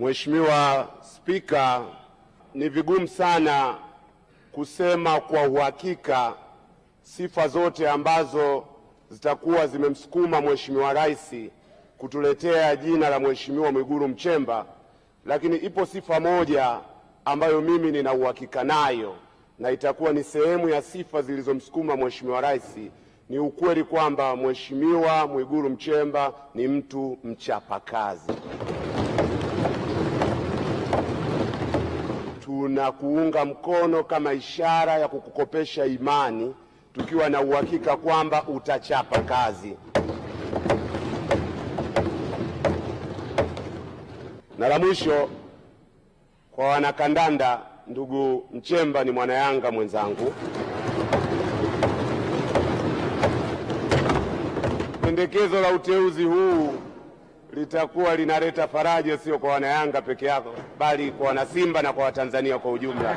Mheshimiwa Spika, ni vigumu sana kusema kwa uhakika sifa zote ambazo zitakuwa zimemsukuma Mheshimiwa Rais kutuletea jina la Mheshimiwa Mwigulu mchemba lakini ipo sifa moja ambayo mimi nina uhakika nayo na itakuwa ni sehemu ya sifa zilizomsukuma Mheshimiwa Rais. Ni ukweli kwamba Mheshimiwa Mwigulu mchemba ni mtu mchapakazi. tunakuunga mkono kama ishara ya kukukopesha imani, tukiwa na uhakika kwamba utachapa kazi. Na la mwisho kwa wanakandanda, ndugu Mchemba ni mwanayanga mwenzangu, pendekezo la uteuzi huu litakuwa linaleta faraja sio kwa wanayanga peke yako, bali kwa wanasimba na kwa Watanzania kwa ujumla.